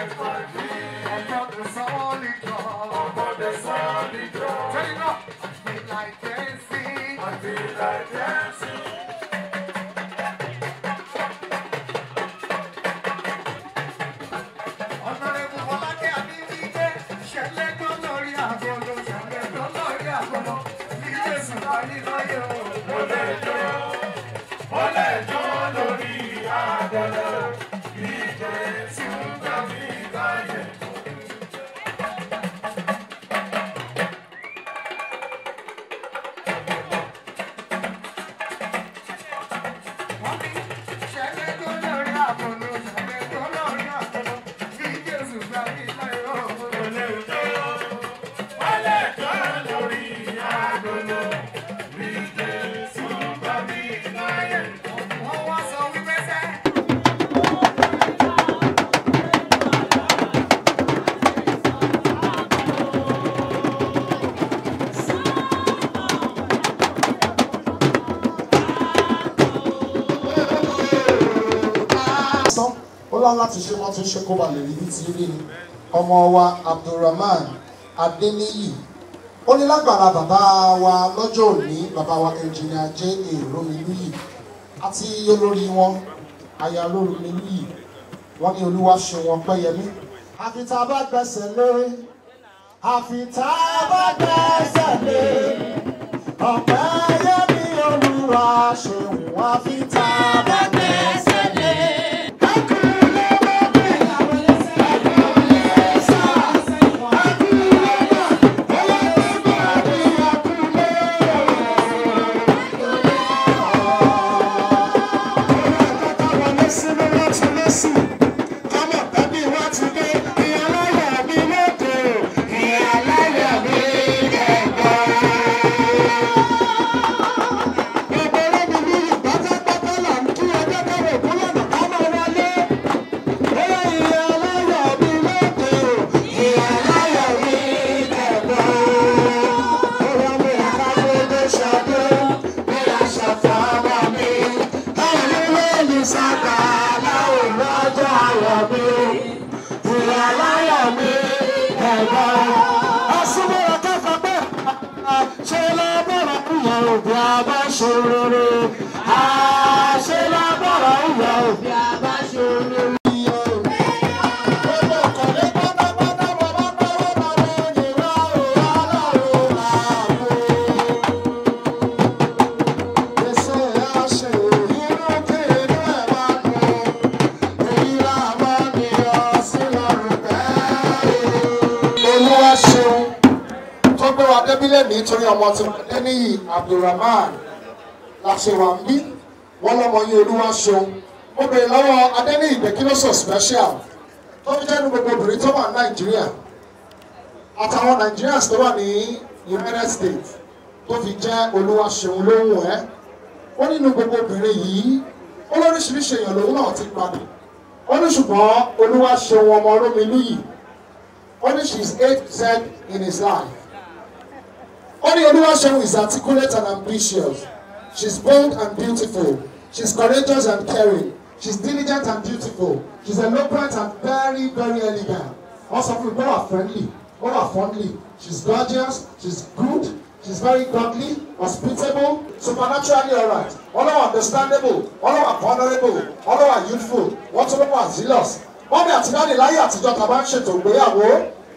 I feel like dancing. I feel like dancing. ó lọ́n láti ṣe wọ́n tún ṣe kó ba lè rí ti rí ni ọmọ wa Abdulrahman Adeniyi ó ní lágbára bàbá wa lọ́jọ́ òní bàbá wa Engineer J èrò mi àti olórí wọn aya olórí wọ́n ní olúwa ṣe wọn pẹ́yẹmí. àfi tá a bá gbẹ́sẹ̀ lé àfi tá a bá gbẹ́sẹ̀ lé ọ̀pẹ́ yẹ́mi olúwa ṣe wọ́n àfi tá a bá gbẹ́sẹ̀ lé. ṣòrèrè àṣẹ lágbára ń wà ó bí a bá ṣòrèrè. nítorí ọmọ tí wọ́n dé níyì Abdulrahman làṣẹ wà ń bí wọ́n lọ́mọ yín olúwa ṣeun ó bèrè lọ́wọ́ adẹ́ní ìgbẹ́kínọ́sọ̀ special tó fi jẹ́nu gbogbo obìnrin tó wà ní nàìjíríà àtàwọn nigerians tó wà ní united states tó fi jẹ́ olúwa ṣeun lóhùn ẹ́ ó nínú gbogbo obìnrin yìí ó lóríṣiríṣi èèyàn lòun náà ti padà ó ní ṣùgbọ́n olúwa ṣeun ọmọ olómìnú yìí ó ní she is eight percent in his life ó ní olúwa ṣeun is articulate and ambitious. She's bold and beautiful. She's courageous and caring. She's diligent and beautiful. She's eloquent and very, very elegant. Also, people are friendly. All are friendly. She's gorgeous. She's good. She's very godly, hospitable, supernaturally alright. All are understandable. All are vulnerable. All are youthful. Whatsoever, tún lọ́wọ́ zealous. Mọ́mí àti dáàdì láyé àtijọ́ tàbá ń ṣètò ìgbéyàwó.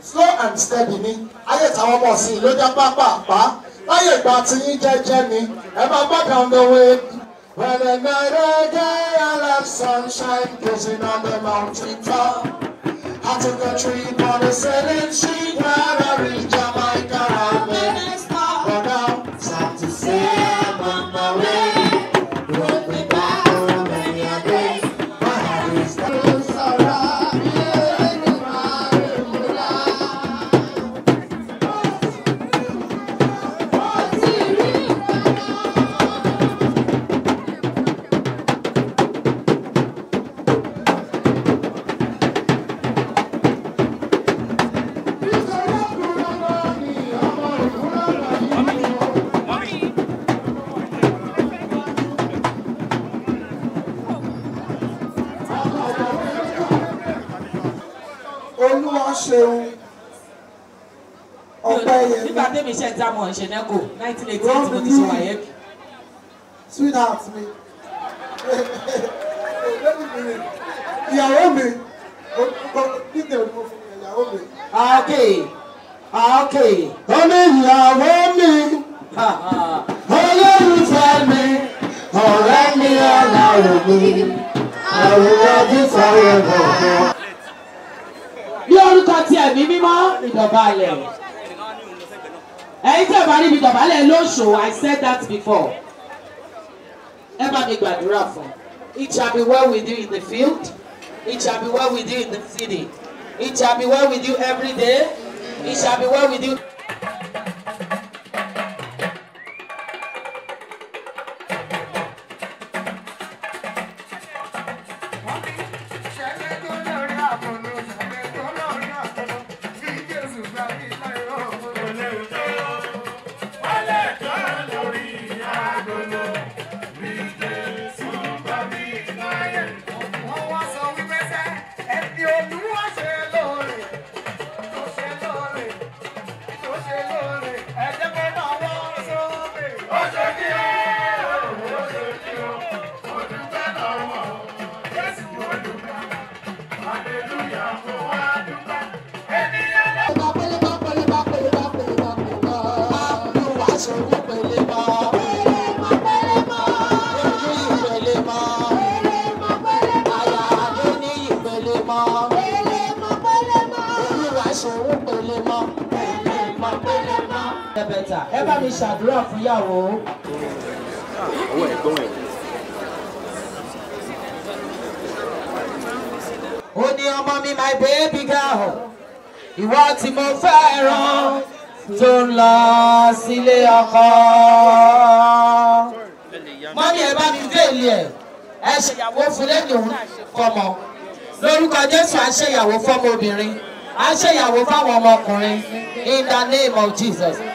Slow and steady ni. I ìtàwọn ọmọ ọ̀sìn ló já pápá àpá. about to tí yín jẹ́jẹ́ and I'm bá on the way. When the night again I love sunshine kissing on the mountain top. I took a trip on the sailing ship. olúwa ṣeun ọpẹ́ yẹn mi. nígbà tẹ́mi iṣẹ́ ìta mọ̀ ṣe nẹ́kò nineteen eighty eight mo ti ṣe wáyé. sweetheart mi ìyàwó mi nígbà tí mo fún ìyàwó mi. Ah, ok ah, ok. ó ní ìyàwó mi olólùfẹ́ mi ọ̀rẹ́ mi ọ̀làwọ̀ mi àwòrán ti sọ̀rọ̀ bọ̀ orúkọ ti ẹ̀mí mímọ́ ìdọ̀bálẹ̀. ẹ̀yin tí ẹ̀ bá níbi ìdọ̀bálẹ̀ lóṣù I said that before. ẹ bá mi gbàdúrà fún. It shall be well with you in the field. It shall be well with you in the city. It shall be well with you every day. It shall be well with you. ẹ̀bẹ̀ta ẹ bá mi ṣàdúrà fún ìyàwó. ọwọ́ ẹ̀ gbọ́n ẹ̀. ó ní ọmọ mi my baby girl ìwọ tí mo fẹ́ràn tó ń lọ sílé ọkọ. mọ́mí ẹ bá mi bẹ́ẹ̀lì ẹ̀ ẹ ṣèyàwó fún lẹ́yìn òun fọmọ lórúkọ Jésù àṣeyàwó fọmọ obìnrin àṣeyàwó fáwọn ọmọkùnrin in the name of Jesus.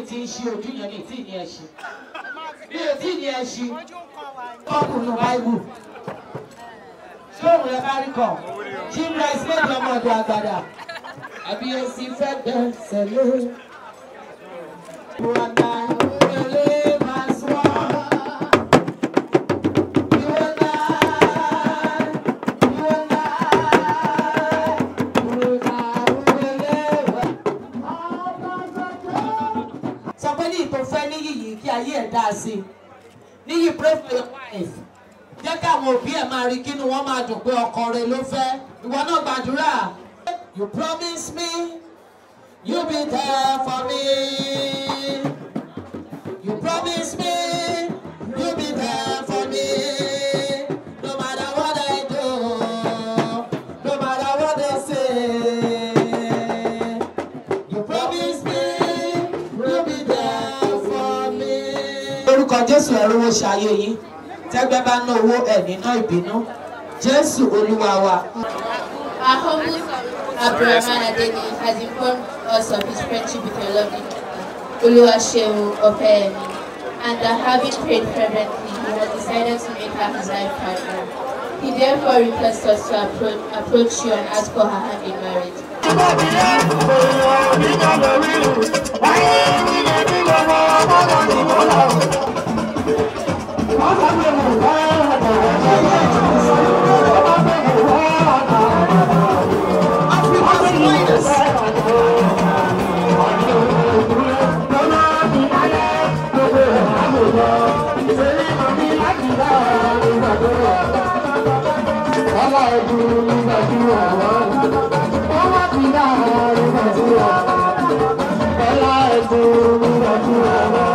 mi ti ń ṣe ojú yẹn mi tí ní ẹṣin mi ò tí ní ẹṣin tọkùnrin báìbù sóòrùn ẹ bá rí kàn chimrex méjì ọmọ ọdọ àgbàdà àbí oṣù fẹgbẹ sẹlẹ. fẹ́ níyì yìí kí ayé ẹ̀ dáa sí i níyì brave your wife jẹ́ káwọn òbí ẹ̀ máa rí kínú wọn máa dùn pé ọkọ rẹ ló fẹ́ ìwọ náà gbàdúrà. You promise me you'll be there for me. You promise me. jésù ẹ ṣayé yín tẹ́gbẹ́ bá ná owó ẹ̀ nínú ìbínú jésù olúwa wa. our humble abdulrahman Adeni has informed us of his friendship with your lovely oluwaseun opeyemi and that having prayed fervently he has decided to make her his life partner. He therefore requests us to approach, approach you and ask for her hand in marriage. Why wàhálà ẹbí nígbà tí wà wá wọ́n má fi dáhà nígbà tí wà wá wàhálà